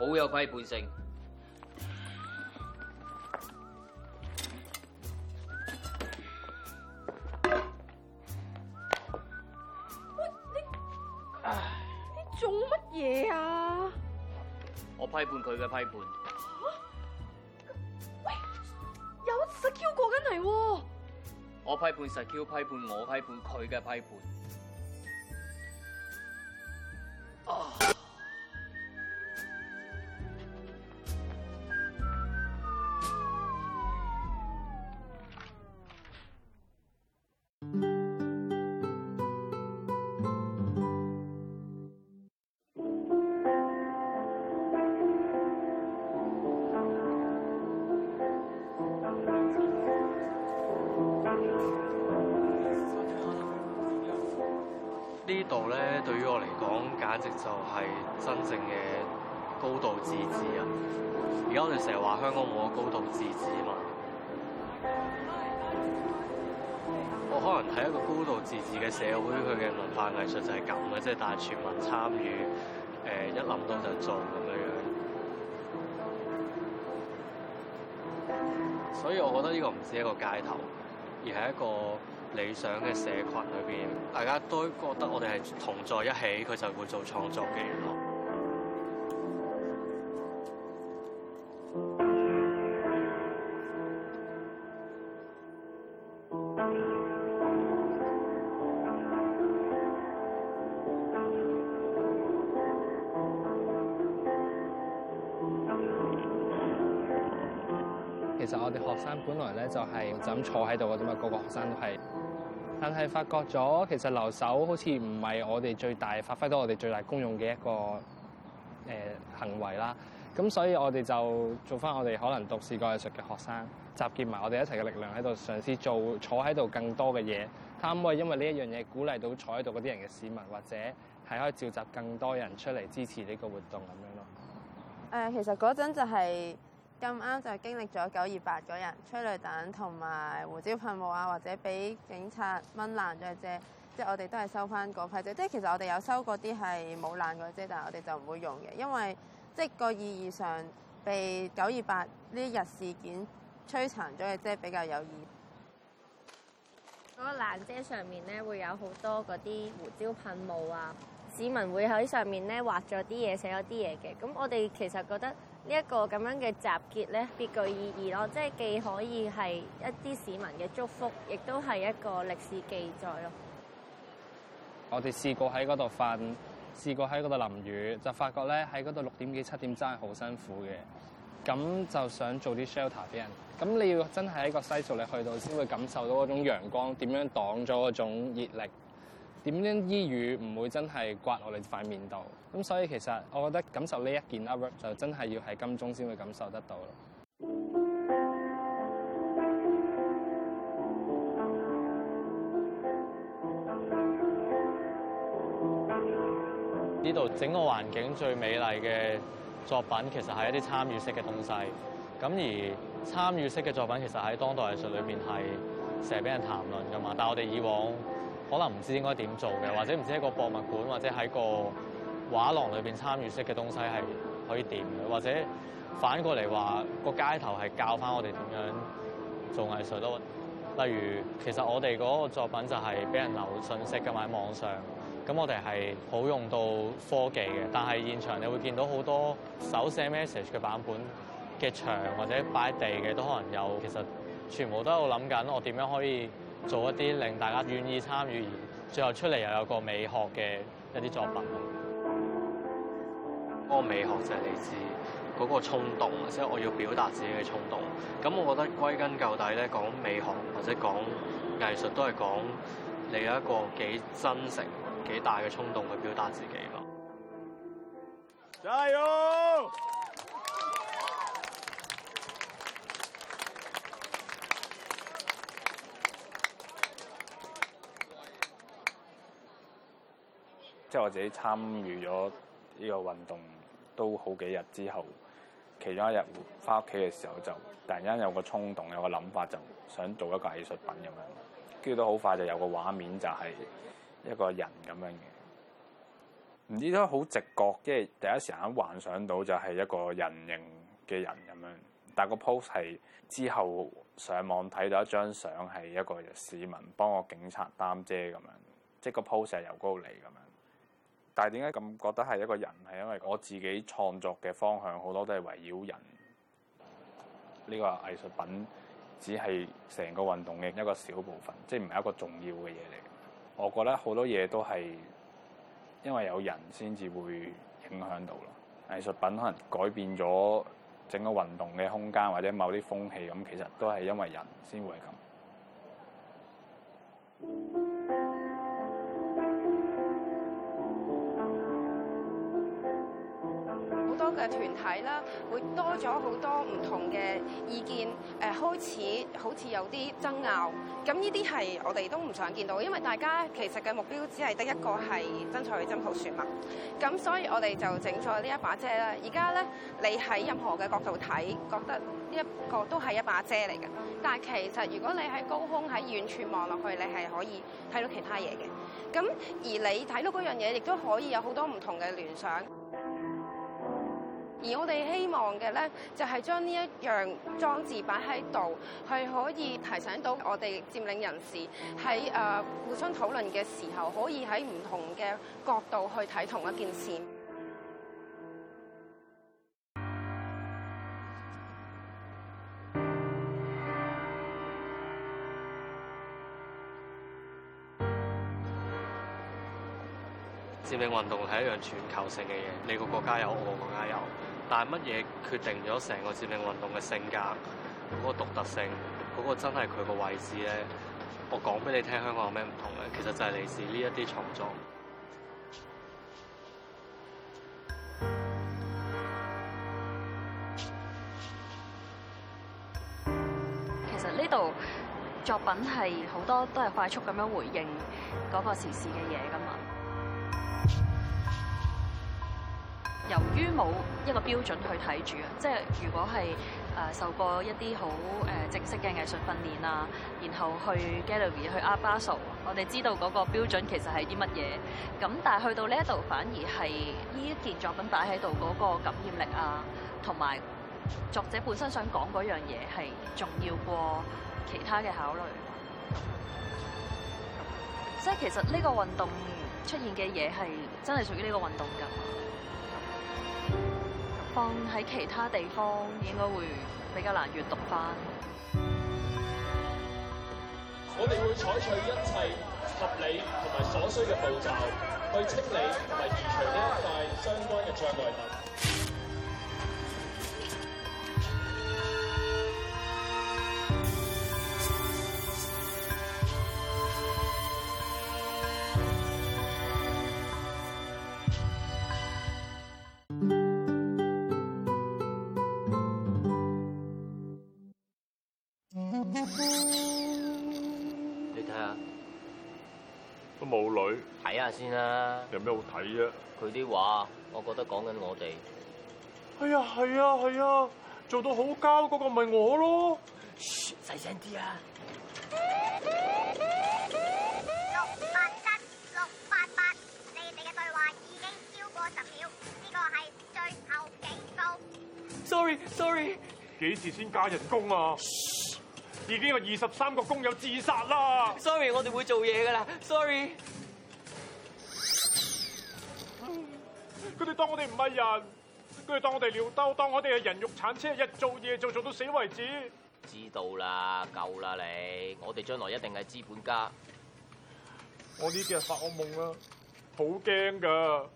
好有批判性。喂，你，你做乜嘢啊？我批判佢嘅批判，啊。喂，有士 Q 過緊嚟。我批判士 Q，批判我批判佢嘅批判。直就係真正嘅高度自治啊！而家我哋成日話香港冇咗高度自治嘛。我可能喺一個高度自治嘅社會，佢嘅文化藝術就係咁嘅，即係大全民參與，誒一諗到就做咁樣樣。所以，我覺得呢個唔止一個街頭，而係一個。理想嘅社群裏邊，大家都覺得我哋係同在一起，佢就會做創作嘅娛樂。其實我哋學生本來咧就係就咁坐喺度嘅啫嘛，個個學生都係。但係發覺咗，其實留守好似唔係我哋最大發揮到我哋最大功用嘅一個誒、呃、行為啦。咁所以我哋就做返我哋可能讀視覺藝術嘅學生，集結埋我哋一齊嘅力量喺度，嘗試做坐喺度更多嘅嘢，睇可唔可以因為呢一樣嘢鼓勵到坐喺度嗰啲人嘅市民，或者係可以召集更多人出嚟支持呢個活動咁樣咯。誒、呃，其實嗰陣就係、是。咁啱就係經歷咗九二八嗰日，催淚彈同埋胡椒噴霧啊，或者俾警察掹爛咗嘅啫。即係我哋都係收翻嗰批啫。即係其實我哋有收嗰啲係冇爛過啫，但係我哋就唔會用嘅，因為即係個意義上被九二八呢日事件摧殘咗嘅啫比較有意。嗰個爛啫上面咧會有好多嗰啲胡椒噴霧啊，市民會喺上面咧畫咗啲嘢，寫咗啲嘢嘅。咁我哋其實覺得。一個咁樣嘅集結咧，別具意義咯。即係既可以係一啲市民嘅祝福，亦都係一個歷史記載咯。我哋試過喺嗰度瞓，試過喺嗰度淋雨，就發覺咧喺嗰度六點幾七點真係好辛苦嘅。咁就想做啲 shelter 俾人。咁你要真係喺個西曬，你去到先會感受到嗰種陽光點樣擋咗嗰種熱力。點樣衣雨唔會真係刮落你塊面度？咁所以其實我覺得感受呢一件 artwork 就真係要喺金鐘先會感受得到咯。呢度整個環境最美麗嘅作品其實係一啲參與式嘅東西。咁而參與式嘅作品其實喺當代藝術裏面係成日俾人談論噶嘛。但係我哋以往可能唔知應該點做嘅，或者唔知一個博物館或者喺個畫廊裏邊參與式嘅東西係可以點嘅，或者反過嚟話個街頭係教翻我哋點樣做藝術咯。例如，其實我哋嗰個作品就係俾人留信息嘅，喺網上。咁我哋係好用到科技嘅，但係現場你會見到好多手寫 message 嘅版本嘅牆或者擺地嘅都可能有。其實全部都有諗緊我點樣可以做一啲令大家願意參與，而最後出嚟又有個美學嘅一啲作品。嗰個美學就係你知嗰個衝動，即係我要表達自己嘅衝動。咁我覺得歸根究底咧，講美學或者講藝術都係講你有一個幾真誠、幾大嘅衝動去表達自己咯。加油！即係我自己參與咗呢個運動，都好幾日之後，其中一日翻屋企嘅時候，就突然間有個衝動有個諗法，就想做一個藝術品咁樣，跟住都好快就有個畫面，就係一個人咁樣嘅。唔知都好直覺，即係第一時間幻想到就係一個人形嘅人咁樣。但係個 pose 係之後上網睇到一張相，係一個市民幫個警察擔遮咁樣，即係個 pose 係由嗰度嚟咁樣。但係點解咁覺得係一個人係因為我自己創作嘅方向好多都係圍繞人呢個藝術品只係成個運動嘅一個小部分，即係唔係一個重要嘅嘢嚟。我覺得好多嘢都係因為有人先至會影響到啦。藝術品可能改變咗整個運動嘅空間或者某啲風氣，咁其實都係因為人先會係咁。嘅團體啦，會多咗好多唔同嘅意見，誒、呃、開始好似有啲爭拗，咁呢啲係我哋都唔想見到，因為大家其實嘅目標只係得一個係爭取真普選嘛。咁所以我哋就整咗呢一把遮啦。而家咧，你喺任何嘅角度睇，覺得呢一個都係一把遮嚟嘅。但係其實如果你喺高空喺遠處望落去，你係可以睇到其他嘢嘅。咁而你睇到嗰樣嘢，亦都可以有好多唔同嘅聯想。而我哋希望嘅咧，就係將呢一樣裝置擺喺度，係可以提醒到我哋佔領人士喺誒互相討論嘅時候，可以喺唔同嘅角度去睇同一件事。佔領運動係一樣全球性嘅嘢，你個國家有，我個國家有。但係乜嘢決定咗成個佔領運動嘅性格嗰個獨特性，嗰個真係佢個位置咧？我講俾你聽，香港有咩唔同咧？其實就係嚟自呢一啲創作。其實呢度作品係好多都係快速咁樣回應嗰個時事嘅嘢㗎嘛。由於冇一個標準去睇住啊，即係如果係誒受過一啲好誒正式嘅藝術訓練啊，然後去 Gallery 去 Art Basel，我哋知道嗰個標準其實係啲乜嘢。咁但係去到呢一度，反而係呢一件作品擺喺度嗰個感染力啊，同埋作者本身想講嗰樣嘢係重要過其他嘅考慮。即係其實呢個運動出現嘅嘢係真係屬於呢個運動㗎。放喺其他地方應該會比較難閱讀翻。 我哋會採取一切合理同埋所需嘅步驟，去清理同埋移除呢一塊相關嘅障礙物。先啦，有咩好睇啊？佢啲話，我覺得講緊我哋，啊。係啊係啊係啊，做到好交嗰個咪我咯。細聲啲啊！六八七六八八，你哋嘅對話已經超過十秒，呢個係最後警告。Sorry Sorry，幾時先加人工啊？已經有二十三個工友自殺啦！Sorry，我哋會做嘢噶啦。Sorry。佢哋當我哋唔係人，佢哋當我哋撩兜，當我哋係人肉鏟車，一做嘢就做到死為止。知道啦，夠啦你，我哋將來一定係資本家。我呢啲係發惡夢啊，好驚噶！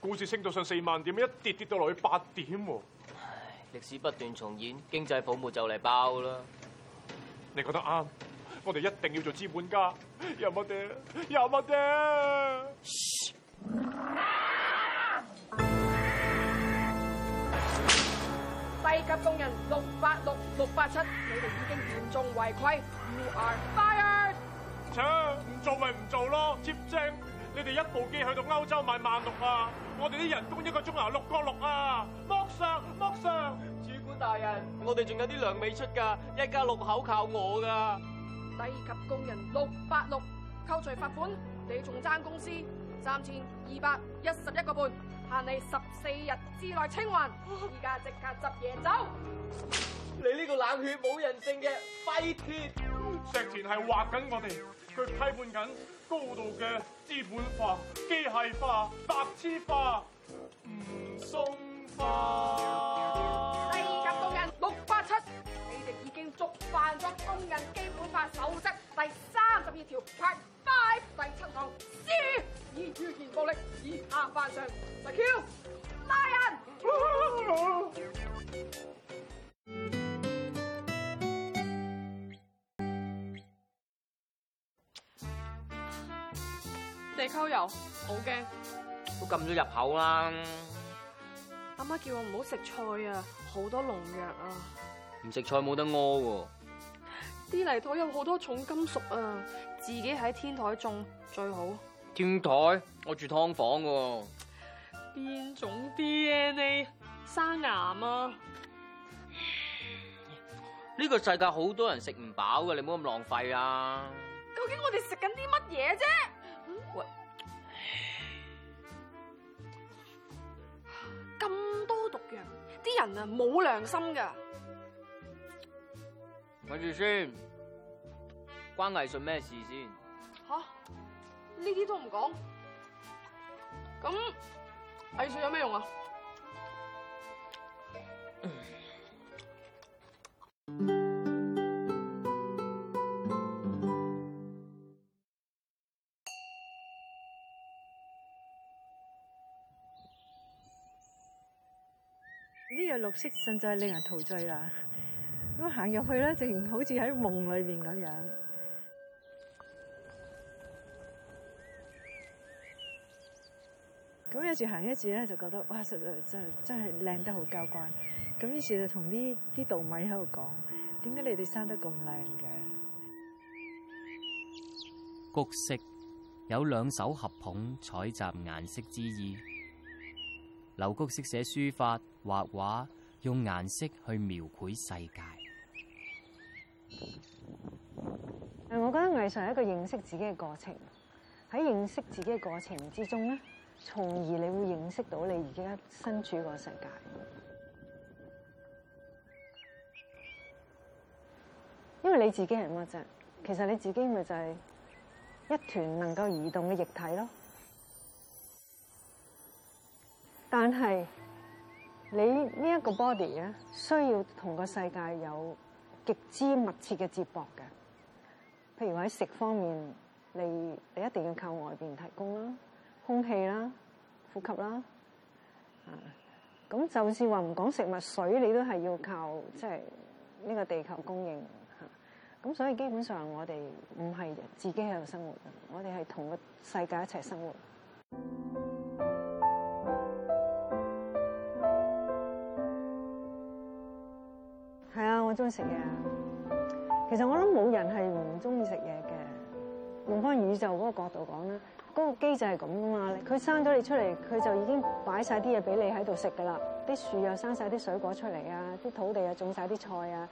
股市升到上四萬點，一跌跌到落去八點喎。唉，歷史不斷重演，經濟泡沫就嚟爆啦！你覺得啱？我哋一定要做資本家，有乜嘢？有乜嘢？工人六八六六八七，你哋已經嚴重違規，You are fired！唱唔做咪唔做咯，接正！你哋一部機去到歐洲賣萬六啊，我哋啲人工一個鐘頭六個六啊，剝削，剝削，主管大人，我哋仲有啲糧未出噶，一家六口靠我噶。低級工人六八六，扣除罰款，你仲爭公司三千二百一十一個半。限你十四日之內清還，而家即刻執嘢走！你呢個冷血冇人性嘅廢鐵石田係挖緊我哋，佢批判緊高度嘅資本化、機械化、白痴化、唔鬆化。四級工人六八七，687，你哋已經觸犯咗工人基本法守則第三十二條。five 第七行，以遇見暴力，以下犯上，實 kill，拉人。地溝油，好驚。都撳咗入口啦。阿媽叫我唔好食菜啊，好多農藥啊。唔食菜冇得屙喎。啲泥土有好多重金屬啊！自己喺天台種最好。天台？我住劏房噶喎。邊種 DNA，生癌啊！呢個世界好多人食唔飽噶，你唔好咁浪費啊！究竟我哋食緊啲乜嘢啫？咁多毒藥，啲人啊冇良心噶！搵住先，關藝術咩事先？吓、啊，呢啲都唔講，咁藝術有咩用啊？呢樣、 哎、綠色實在係令人陶醉啦。行入去咧，竟然好似喺夢裏面咁樣。咁一住行一住咧，就覺得哇，實實真真係靚得好交關。咁於是就同呢啲稻米喺度講，點解你哋生得咁靚嘅？掬色有兩手合捧採集顏色之意。劉掬色寫書法、畫畫，用顏色去描繪世界。我覺得藝術係一個認識自己嘅過程，喺認識自己嘅過程之中咧，從而你會認識到你而家身處個世界。因為你自己係乜嘢？其實你自己咪就係一團能夠移動嘅液體咯。但係你呢一個 body 咧，需要同個世界有。極之密切嘅接駁嘅，譬如喺食方面，你你一定要靠外邊提供啦，空氣啦，呼吸啦，啊，咁就算話唔講食物水，你都係要靠即係呢個地球供應嚇，咁所以基本上我哋唔係自己喺度生活，我哋係同個世界一齊生活。中意食嘢啊！其實我諗冇人係唔中意食嘢嘅。用翻宇宙嗰個角度講啦，嗰個機制係咁噶嘛。佢生咗你出嚟，佢就已經擺晒啲嘢俾你喺度食噶啦。啲樹又生晒啲水果出嚟啊，啲土地又種晒啲菜啊，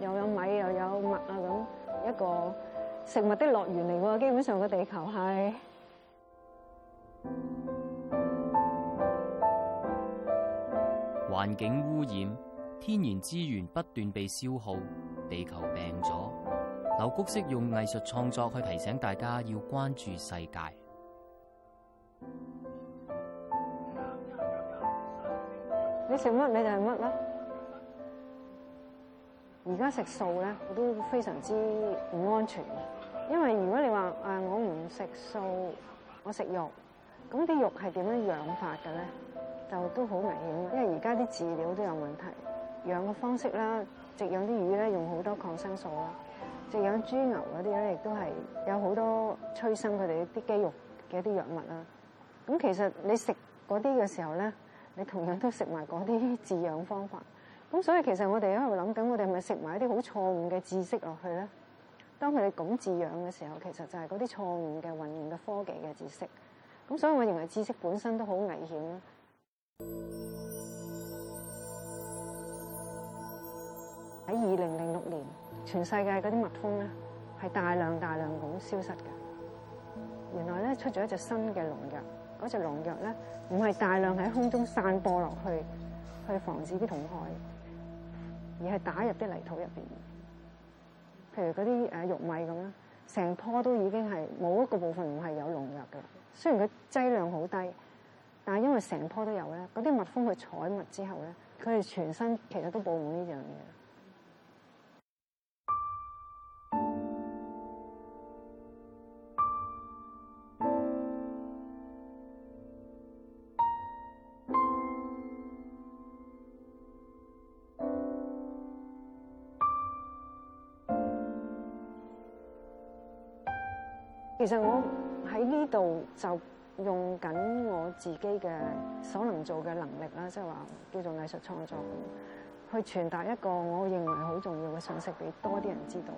又有米又有麥啊，咁，一個食物的樂園嚟喎。基本上個地球係環境污染。天然資源不斷被消耗，地球病咗。劉掬色用藝術創作去提醒大家要關注世界。你食乜你就係乜啦。而家食素咧，我都非常之唔安全，因為如果你話誒我唔食素，我食肉，咁啲肉係點樣養法嘅咧？就都好危險，因為而家啲飼料都有問題。養嘅方式啦，飼養啲魚咧用好多抗生素啦，飼養豬牛嗰啲咧亦都係有好多催生佢哋啲肌肉嘅一啲藥物啦。咁其實你食嗰啲嘅時候咧，你同樣都食埋嗰啲飼養方法。咁所以其實我哋喺度諗緊，我哋係咪食埋一啲好錯誤嘅知識落去咧？當佢哋噉飼養嘅時候，其實就係嗰啲錯誤嘅運用嘅科技嘅知識。咁所以我認為知識本身都好危險咯。喺二零零六年，全世界嗰啲蜜蜂咧係大量大量咁消失嘅。原來咧出咗一隻新嘅農藥，嗰隻農藥咧唔係大量喺空中散播落去去防止啲蟲害，而係打入啲泥土入邊。譬如嗰啲誒玉米咁樣，成棵都已經係冇一個部分唔係有農藥嘅。雖然佢劑量好低，但係因為成棵都有咧，嗰啲蜜蜂去採蜜之後咧，佢哋全身其實都佈滿呢樣嘢。其實我喺呢度就用緊我自己嘅所能做嘅能力啦，即係話叫做藝術創作，去傳達一個我認為好重要嘅信息俾多啲人知道。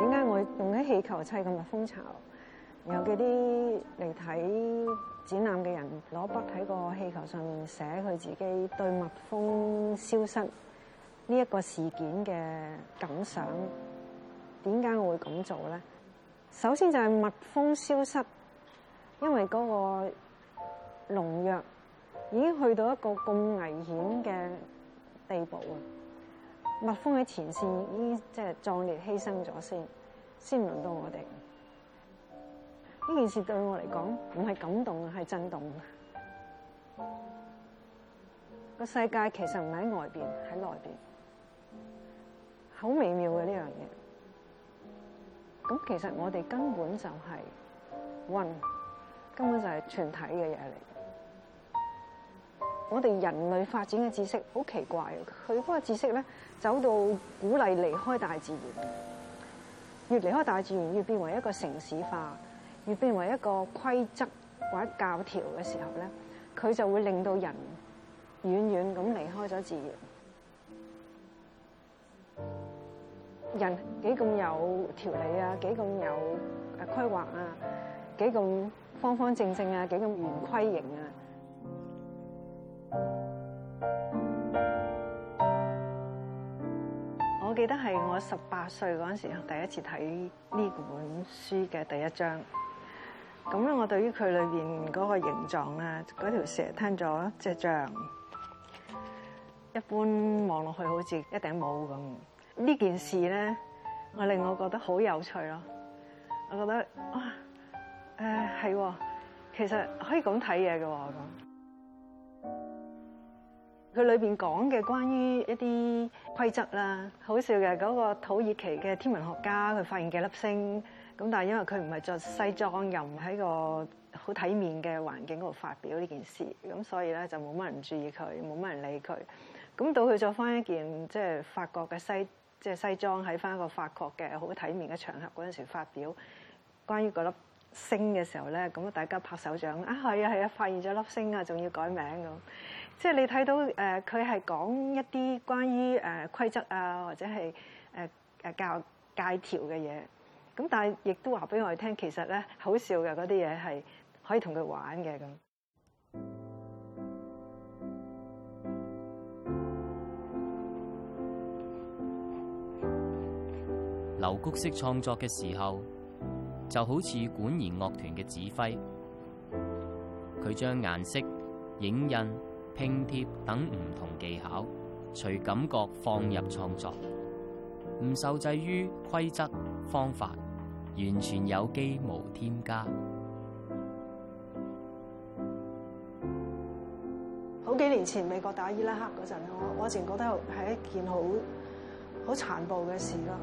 點解我用喺氣球砌咁蜜蜂巢？然後嗰啲嚟睇展覽嘅人攞筆喺個氣球上面寫佢自己對蜜蜂消失呢一個事件嘅感想，點解我會咁做咧？首先就係蜜蜂消失，因為嗰個農藥已經去到一個咁危險嘅地步啊！蜜蜂喺前線已經即係壯烈犧牲咗先，先輪到我哋。呢件事對我嚟講唔係感動，係震動。個世界其實唔喺外邊，喺內邊。好微妙嘅呢樣嘢，咁其實我哋根本就係 One，根本就係全體嘅嘢嚟。我哋人類發展嘅知識好奇怪，佢嗰個知識咧走到鼓勵離開大自然，越離開大自然，越變為一個城市化，越變為一個規則或者教條嘅時候咧，佢就會令到人遠遠咁離開咗自然。人幾咁有條理啊？幾咁有誒規劃啊？幾咁方方正正啊？幾咁圓規形啊、嗯？我記得係我十八歲嗰陣時，第一次睇呢本書嘅第一章。咁咧，我對於佢裏面嗰個形狀咧，嗰條蛇吞咗隻象一般望落去，好似一頂帽咁。呢件事咧，我令我覺得好有趣咯！我覺得哇，誒係喎，其實可以咁睇嘢嘅喎，咁。佢、嗯、裏邊講嘅關於一啲規則啦，好笑嘅嗰、個土耳其嘅天文學家，佢發現幾粒星，咁但係因為佢唔係着西裝，又唔喺個好體面嘅環境度發表呢件事，咁所以咧就冇乜人注意佢，冇乜人理佢。咁到佢著翻一件即係、就是、法國嘅西。即係西裝喺翻一個法國嘅好體面嘅場合嗰陣時發表關於嗰粒星嘅時候咧，咁大家拍手掌啊！係啊係啊，發現咗粒星啊，仲要改名咁。即係你睇到誒，佢係講一啲關於誒規則啊，或者係誒誒教戒條嘅嘢。咁但係亦都話俾我哋聽，其實咧好笑嘅嗰啲嘢係可以同佢玩嘅咁。劉掬色創作嘅時候，就好似管弦樂團嘅指揮，佢將顏色、影印、拼貼等唔同技巧，隨感覺放入創作，唔受制於規則方法，完全有機無添加。好幾年前美國打伊拉克嗰陣，我我淨覺得係一件好好殘暴嘅事咯。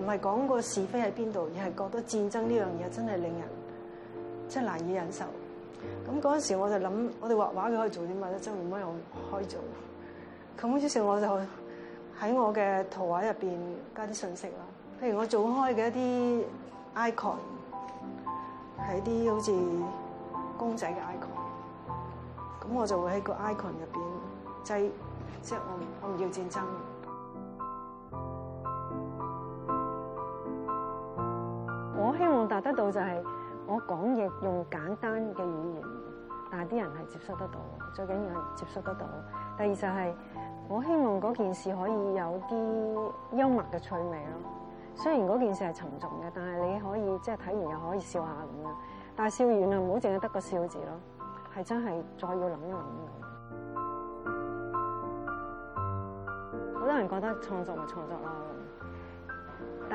唔係講個是非喺邊度，而係覺得戰爭呢樣嘢真係令人真係難以忍受。咁陣時候我就諗，我哋畫畫佢可以做啲乜咧？係唔可以用開做。咁於是，我就喺我嘅圖畫入邊加啲信息啦。譬如我做開嘅一啲 icon，係啲好似公仔嘅 icon。咁我就會喺個 icon 入邊擠，即係我唔我唔要戰爭。我希望達得到就係我講嘢用簡單嘅語言，但係啲人係接收得到，最緊要係接收得到。第二就係、是、我希望嗰件事可以有啲幽默嘅趣味咯。雖然嗰件事係沉重嘅，但係你可以即係睇完又可以笑下咁樣。但係笑完啊，唔好淨係得個笑字咯，係真係再要諗一諗好 多人覺得創作咪創作啦。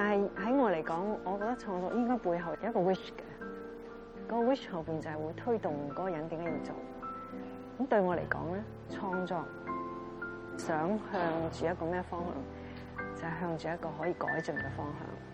但係喺我嚟講，我覺得創作應該背後有一個 wish 嘅，個 wish 後邊就係會推動個人點解要做。咁對我嚟講咧，創作想向住一個咩方向，就係向住一個可以改進嘅方向。